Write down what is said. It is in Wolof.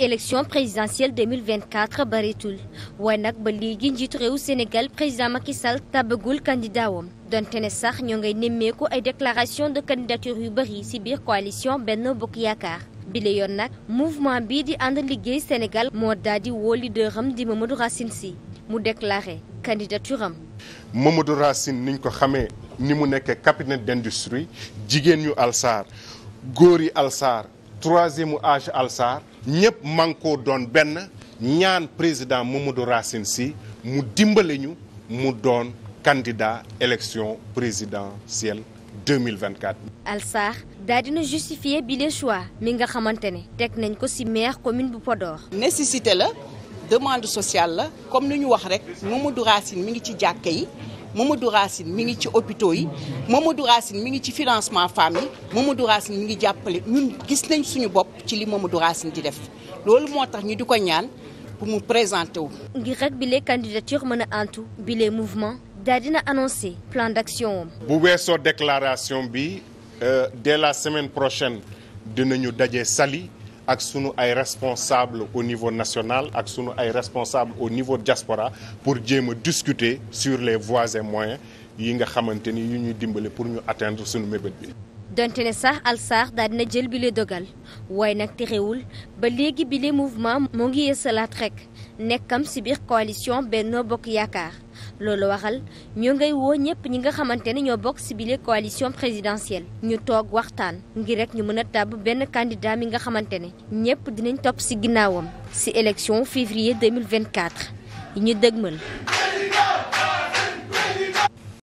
élection présidentielle 2024 bareetul waaye nag ba léegi njiitu réew Sénégal président Macky Sall tabagul kandidaawam donte ne sax ñoo ngay nemmeeku ay déclaration de candidature yu bëri ci biir coalition benn Bokk Yaakaar bile yoon nag mouvement bii di ànd liggéey Sénégal moo daal di woo leaderam di Mamadou Racine Sy mu déclaré candidature am. Mamadou Racine niñ ko xamee ni mu nekkee capitaine d'industrie jigéen ñu alsaar góor yi alsaar troisième âge alsaar ñëpp man koo doon benn ñaan président Mamadou Racine Sy mu dimbale ñu mu doon candidat élection présidentielle 2024. Alsaax daal dina justifier bi les choix mi nga xamante ne teg nañ ko ci maire commune bu Podor. nécessité la demande sociale la comme ni ñu wax rek Mamadou Racine mi ngi ci jàkka yi. Mamadou Racine mi ngi ci hôpitaux yi Mamadou Racine mi ngi ci financement femme yi Mamadou Racine mi ngi jàppale ñun gis nañ suñu bopp ci li Mamadou Racine di def loolu moo tax ñu di ko ñaan bu mu présenté wu. ngir bi bile candidature mën a antu bile mouvement daal dina annoncé plan d'action bu weesoo déclaration bi euh, dès la semaine prochaine ñu daje sali ak sunu ay responsable au niveau national ak sunu ay responsable au niveau diaspora pour jéem a discuter sur les voies et moyens yi nga xamante ni yu ñuy dimbale pour ñu atteindre sunu mébét bi donte ne al alsaax daal dina jël bile dogal waaye nag terewul ba léegi bile mouvement mu ngi yeesalaat rekk nekkam ci biir coalition Benno Bokk Yaakaar loolu waxal ñoo ngay woo ñëpp ñi nga xamante ne ñoo bokk ci bile coalition présidentielle ñu toog waxtaan ngir rekk ñu mën a tàbb benn candidat mi nga xamante ne ñëpp dinañ topp ci ginnaawam ci élection février 2024 yi ñu dëgmal